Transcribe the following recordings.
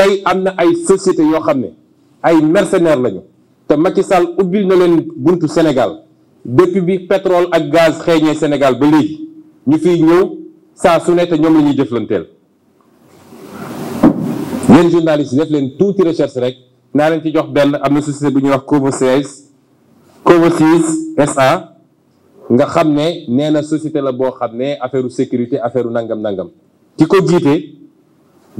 tey am na ay société yoo xam ne ay mercenaires lañu te Macky Sall ubbil na leen buntu Sénégal depuis bi pétrole ak gaz xeeñee Sénégal ba léegi ñu fiy ñëw saa su ne ñoom la ñuy jëflanteel yéen journalistes yi def leen tuuti recherche rek naa leen ci jox benn am na société bu ñuy wax Covosis Covosis SA nga xam ne nee na société la boo xam ne affaire sécurité affaire nangam-nangam ki ko jiite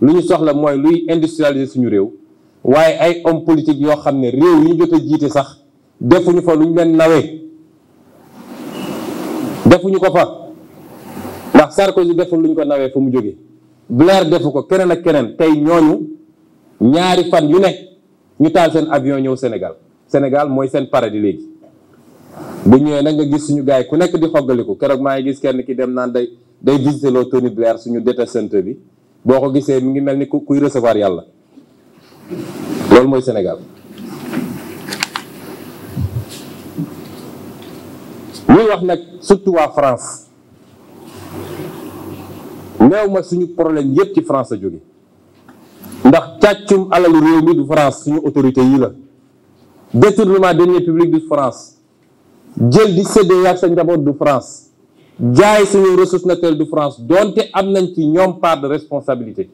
lu ñu soxla mooy luy industrialiser suñu réew waaye ay homme politique yoo xam ne réew yu ñu jot a jiite sax defuñu fa lu ñu leen nawee defuñu ko fa ndax Sarkozy deful lu ñu ko nawee fa mu jógee Blair defu ko keneen ak keneen tey ñooñu ñaari fan yu nekk ñu taal seen avion ñëw Sénégal Sénégal mooy seen paradis léegi bu ñëwee nag nga gis suñu gars yi ku nekk di xoggaliku keroog maa ngi gis kenn ki dem naan day day visité loo Tony Blair suñu détestante bi boo ko gisee mi ngi mel ni ku kuy recevoir yàlla loolu mooy Sénégal muy wax nag surtout waa France néew ma suñu problème yépp ci France a jóge ndax càccum alalu réew mi du France suñu autorité yi la détournement deniers publics du France jël di séddee ak sa njaboot du France jaay suñu ressource naturelle du France donte am nañ ci ñoom part de responsabilité